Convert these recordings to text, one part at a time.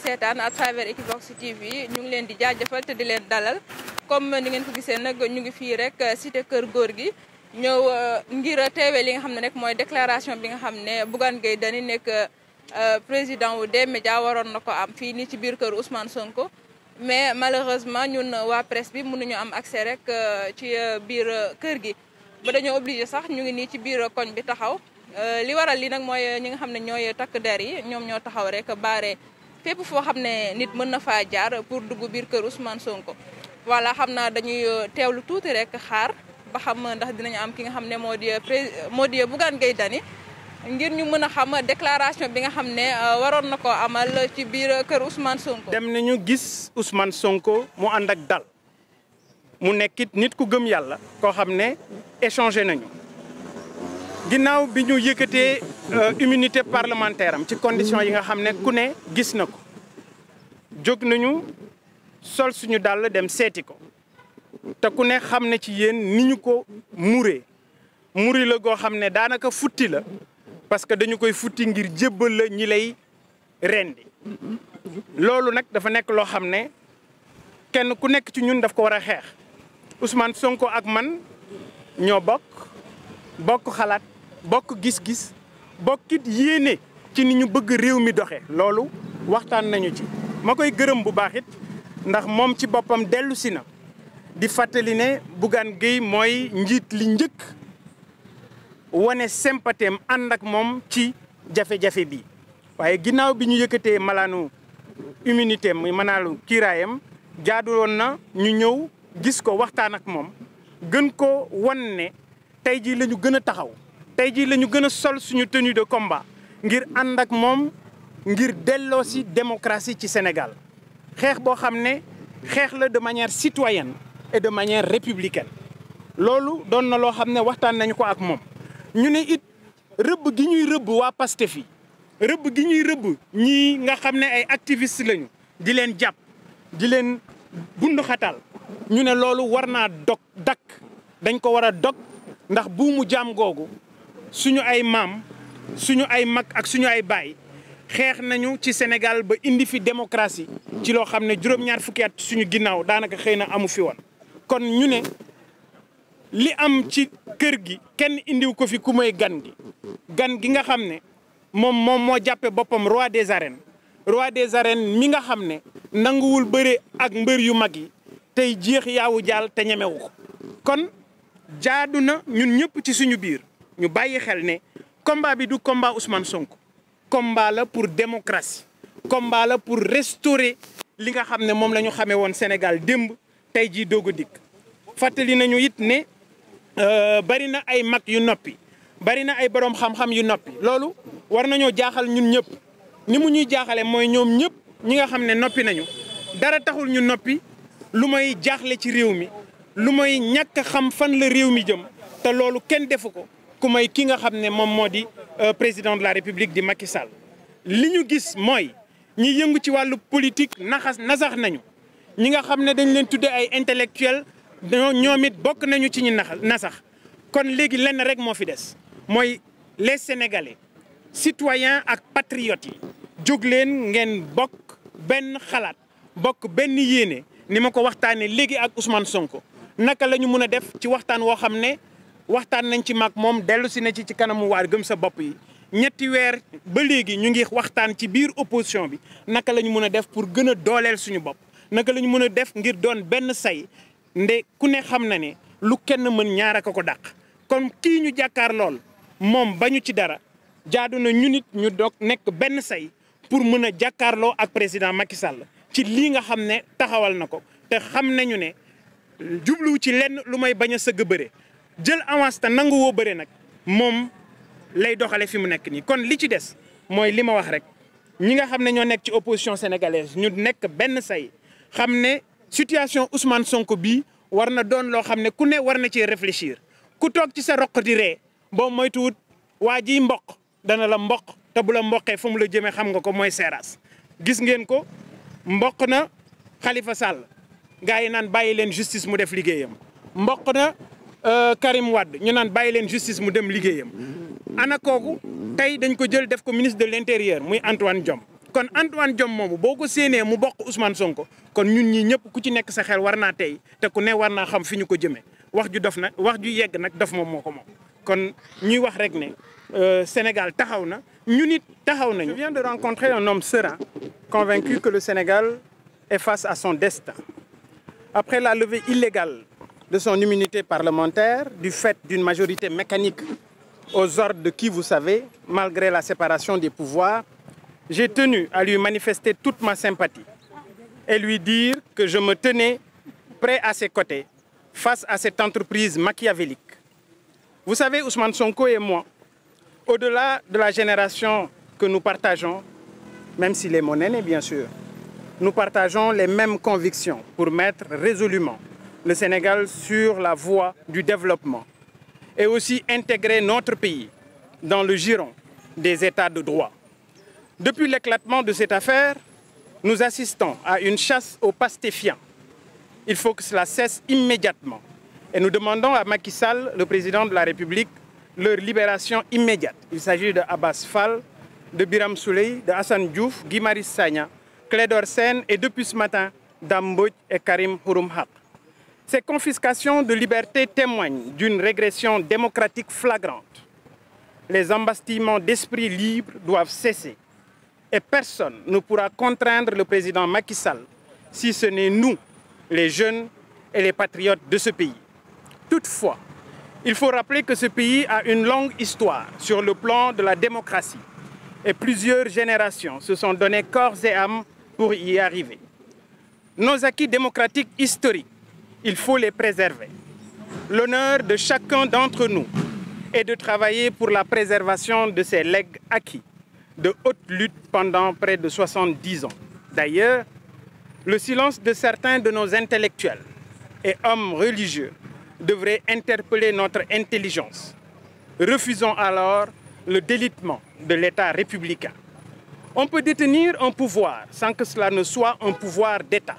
seetaan à travers Equivox TV ñu ngi leen di jaajëfal te di leen dalal comme ni ngeen ko gisee nag ñu ngi fii rek euh, cité kër góor gi ñëw euh, ngir euh, teewee li nga xam ne rek mooy déclaration bi nga xam ne Bougane Gueye Dany nekk président wu D-Media waroon na ko am fii nii ci biir kër Ousmane Sonko mais malheureusement ñun waa presse bi mënuñu am accès rek ci biir kër gi ba dañoo obligé sax ñu ngi nii ci biir koñ bi taxaw li waral li nag mooy ñi nga xam ne ñooy takk der yi ñoom ñoo taxaw rek baare fépp foo xam ne nit mën na faa jaar pour dugg biir kër Ousmane Sonko. voilà xam naa dañuy euh, teewlu tuuti rek xaar ba xam ndax dinañu am ki nga xam ne moo di euh, moo di Bougane Gueye Dany ngir ñu mën a xam déclaration bi nga xam ne euh, waroon na ko amal ci biir kër Ousmane Sonko. dem nañu gis Ousmane Sonko mu ànd ak dal mu nekkit nit ku gëm yàlla koo xam ne échangé nañu. ginnaaw bi ñu yëkkatee euh, immunité parlementaire am ci condition yi nga xam ne ku ne gis na ko jóg nañu sol suñu dàll dem seeti ko te ku ne xam ne ci yéen ni ñu ko muree muri la goo xam ne daanaka futti la parce que dañu koy futti ngir jébbal la ñi lay rendi loolu nag dafa nekk loo xam ne kenn ku nekk ci ñun daf ko war a xeex Ousmane Sonko ak man ñoo bokk bokk xalaat bokk gis-gis bokkit yéene ci ni ñu bëgg réew mi doxee loolu waxtaan nañu ci ma koy gërëm bu baaxit ndax moom ci boppam dellusi na di fàttali ne Bougane Gueye mooy njiit li njëkk wane sympathie ànd ak moom ci jafe-jafe bi waaye ginnaaw bi ñu yëkkatee malaanu immunité muy manaalu kiiraayam jaadu woon na ñu ñëw gis ko waxtaan ak moom gën ko wan ne tey jii lañu ñu gën a taxaw tey jii la ñu gën a sol suñu tenue de combat ngir ànd ak moom ngir delloo si démocratie ci Sénégal xeex boo xam ne xeex la de manière citoyenne et de manière républicain loolu doon na loo xam ne waxtaan nañu ko ak moom ñu ne it rëbb gi ñuy rëbb waa Pastef yi rëbb gi ñuy rëbb ñii nga xam ne ay activiste lañu di leen jàpp di leen bundu ñu ne loolu war naa dog dakk dañ ko war a dog ndax buumu jaam googu suñu ay maam suñu ay mag ak suñu ay baay xeex nañu ci Sénégal ba indi fi démocratie ci loo xam ne juróom-ñaar suñu ginnaaw daanaka xëy na amu fi woon. kon ñu ne li am ci kër gi kenn indiw ko fi ku mooy gan gi gan nga xam ne moom moom moo jàppee boppam roi de arènes roi des arènes mi nga xam ne nanguwul bëre ak mbër yu mag yi tey jeex yaawu jaal te ñemewu ko kon jaadu na ñun ñëpp ci suñu biir. ñu bàyyi xel ne combat bi du combat Ousmane Sonko combat la pour démocratie combat la pour restaurer li nga xam ne moom la ñu xamee woon Sénégal démb tey jii doog dikk fàttali nañu it ne euh, bari na ay mag yu noppi bari na ay borom xam-xam yu noppi loolu war nañoo jaaxal ñun ñëpp ni mu ñuy jaaxale mooy ñoom ñëpp ñi nga xam ne noppi nañu dara taxul ñu noppi lu may jaaxle ci réew mi lu may ñàkk xam fan la réew mi jëm te loolu kenn defu ko ku may ki nga xam ne moom moo di euh, président de la république di Macky Sall li ñu gis mooy ñi yëngu ci wàllu politique naxas nasax nañu ñi nga xam ne dañ leen tuddee ay intellectuel ñoom it bokk nañu ci ñi naxas nasax kon léegi lenn rek moo fi des mooy les sénégalais citoyens ak patriotes yi jóg leen ngeen bokk benn xalaat bokk benn yéene ni ma ko waxtaanee léegi ak Ousmane Sonko naka la ñu mën a def ci waxtaan woo xam ne waxtaan nañ ci mag moom dellu si na ci ci kanamu waar gëm sa bopp yi ñetti weer ba léegi ñu ngi waxtaan ci biir opposition bi naka la ñu mën a def pour gën a dooleel suñu bopp naka lañu ñu mën a def ngir doon benn say nde ku ne xam na ne lu kenn mën ñaar a ko dàq kon kii ñu jàkkaar lool moom bañu ci dara jaadu na ñu nit ñu dog nekk benn say pour mën a jàkkaarloo ak président Macky Sall ci li nga xam ne taxawal na ko te xam nañu ne jubluwu ci lenn lu may bañ a sëgg bëre jël avance te nangu woo bëre nag moom lay doxale fi mu nekk nii kon li ci des mooy li ma wax rek ñi nga xam ne ñoo nekk ci opposition sénégalaise ñu nekk benn say xam ne situation Ousmane Sonko bii war na doon loo xam ne ku ne war na cee réfléchir ku toog ci sa roq di ree boo moytuwut waa ji mboq dana la mboq te bu la mboqee fu mu la jëmee xam nga ko mooy seeraas gis ngeen ko mboq na Khalifa Sall gars yi naan bàyyi leen justice mu def liggéeyam mboq na Euh, Karim Wade ñu naan bàyyi leen justice mu dem liggéeyam ana kooku tey dañ ko jël def ko ministre de l'intérieur muy Antoine Diome kon Antoine Diome moomu boo ko séenee mu bokk Ousmane Sonko kon ñun ñi ñëpp ku ci nekk sa xel war naa tey te ku ne war naa xam fi ñu ko jëmee wax ju dof na wax ju yegg nag dof moom moo ko moom kon ñuy wax rek ne euh, Sénégal taxaw na ñu it taxaw nañu. Je viens de rencontrer un homme serein convaincu que le Sénégal est face à son destin après la levée illégale de son immunité parlementaire du fait d'une majorité mécanique aux ordres de qui vous savez, malgré la séparation des pouvoirs, j'ai tenu à lui manifester toute ma sympathie et lui dire que je me tenais prêt à ses côtés face à cette entreprise machiavélique. Vous savez, Ousmane Sonko et moi, au-delà de la génération que nous partageons, même s'il est mon aîné bien sûr, nous partageons les mêmes convictions pour mettre résolument le Sénégal sur la voie du développement et aussi intégrer notre pays dans le giron des États de droit. Depuis l'éclatement de cette affaire, nous assistons à une chasse aux pastéfiants. Il faut que cela cesse immédiatement. Et nous demandons à Macky Sall, le président de la République, leur libération immédiate. Il s'agit de Abbas Fall, de Biram Souley, de Hassan Diouf, Guy Marius Sagna, Clédor Sène et depuis ce matin, Dame et Karim Houroum Ces confiscations de liberté témoignent d'une régression démocratique flagrante. Les embastillements d'esprit libre doivent cesser et personne ne pourra contraindre le président Macky Sall, si ce n'est nous, les jeunes et les patriotes de ce pays. Toutefois, il faut rappeler que ce pays a une longue histoire sur le plan de la démocratie et plusieurs générations se sont données corps et âme pour y arriver. Nos acquis démocratiques historiques il faut les préserver. L'honneur de chacun d'entre nous est de travailler pour la préservation de ces legs acquis de pendant près de 70 ans. D'ailleurs, le silence de certains de nos intellectuels et hommes religieux devrait interpeller notre intelligence. Refusons alors le délitement de l'État républicain. On un pouvoir sans que cela soit un pouvoir d'État.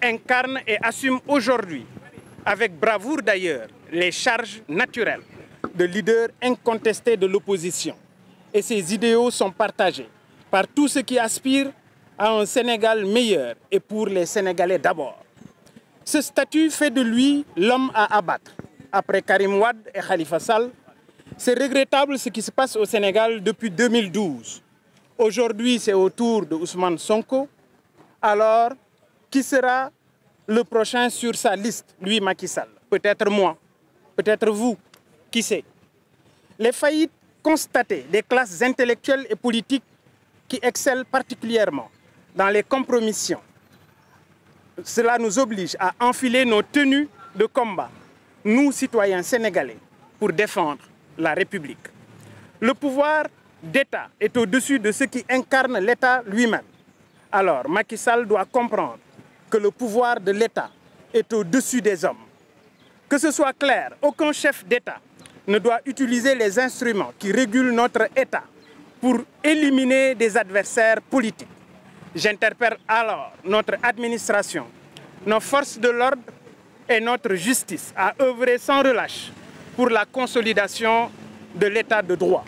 incarne et assume aujourd'hui, avec bravoure d'ailleurs, les charges naturelles de leader incontesté de l'opposition. Et ces idéaux sont partagés par tout ceux qui aspirent à un Sénégal meilleur et pour les Sénégalais d'abord. Ce statut fait de lui l'homme à abattre, après Karim Wad et Khalifa Sall. C'est regrettable ce qui se passe au Sénégal depuis 2012. Aujourd'hui, c'est au tour de Ousmane Sonko. Alors, qui sera le prochain sur sa liste, lui Macky Sall Peut-être moi, peut-être vous, qui sait Les faillites constatées des classes intellectuelles et politiques qui excellent particulièrement dans les compromissions. Cela nous oblige à enfiler nos tenues de combat, nous citoyens sénégalais, pour défendre la République. Le pouvoir d'État est au-dessus de ce qui incarne l'État lui-même. Alors, Macky Sall doit comprendre que le pouvoir de l'État est au-dessus des hommes. Que ce soit clair, aucun chef d'État ne doit utiliser les instruments qui régulent notre État pour éliminer des adversaires politiques. J'interpelle alors notre administration, nos forces de l'ordre et notre justice à œuvrer sans relâche pour la consolidation de l'État de droit.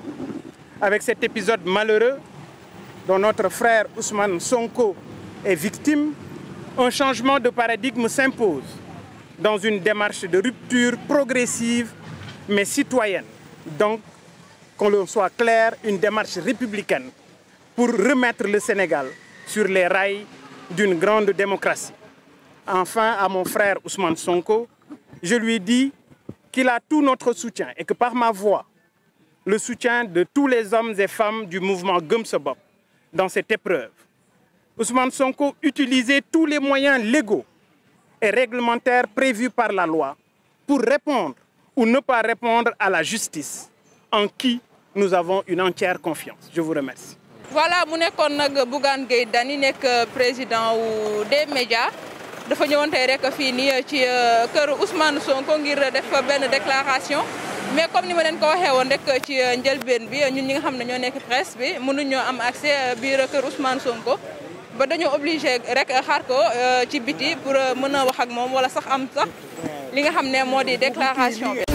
Avec cet épisode malheureux dont notre frère Ousmane Sonko est victime, un changement de paradigme s'impose dans une démarche de rupture progressive mais citoyenne. Donc, qu'on le soit clair, une démarche républicaine pour remettre le Sénégal sur les rails d'une grande démocratie. Enfin, à mon frère Ousmane Sonko, je lui dis qu'il a tout notre soutien et que par ma voix, le soutien de tous les hommes et femmes du mouvement Gumsebop dans cette épreuve. Ousmane Sonko utiliser tous les moyens légaux et réglementaires prévus par la loi pour répondre ou ne pas répondre à la justice en qui nous avons une entière confiance. Je vous remercie. voilà mu nekkoon nag Bougane Gueye Dany nekk euh, président wu des média dafa ñëwoon tey rek fii nii euh, ci euh, kër Ousmane Sonko ngir def benn déclaration mais comme ni ma leen ko waxee woon rek ci njëlbeen bi ñun ñi nga xam ne ñoo nekk presse bi mënuñoo am accès biir kër Ousmane Sonko. ba dañoo obligé rek xaar ko euh, ci biti pour euh, mën a wax ak moom wala sax am sax li nga xam ne moo di déclaration bi